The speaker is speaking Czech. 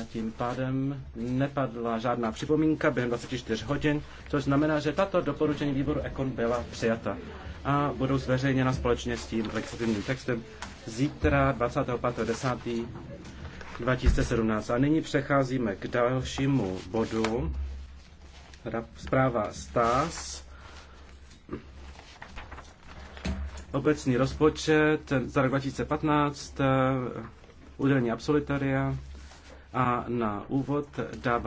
A tím pádem nepadla žádná připomínka během 24 hodin, což znamená, že tato doporučení výboru Ekon byla přijata a budou zveřejněna společně s tím legislativním textem zítra 25.10.2017. 2017. A nyní přecházíme k dalšímu bodu. Zpráva STAS. Obecný rozpočet za rok 2015, eh, udělení absolutaria. A na úvod dávám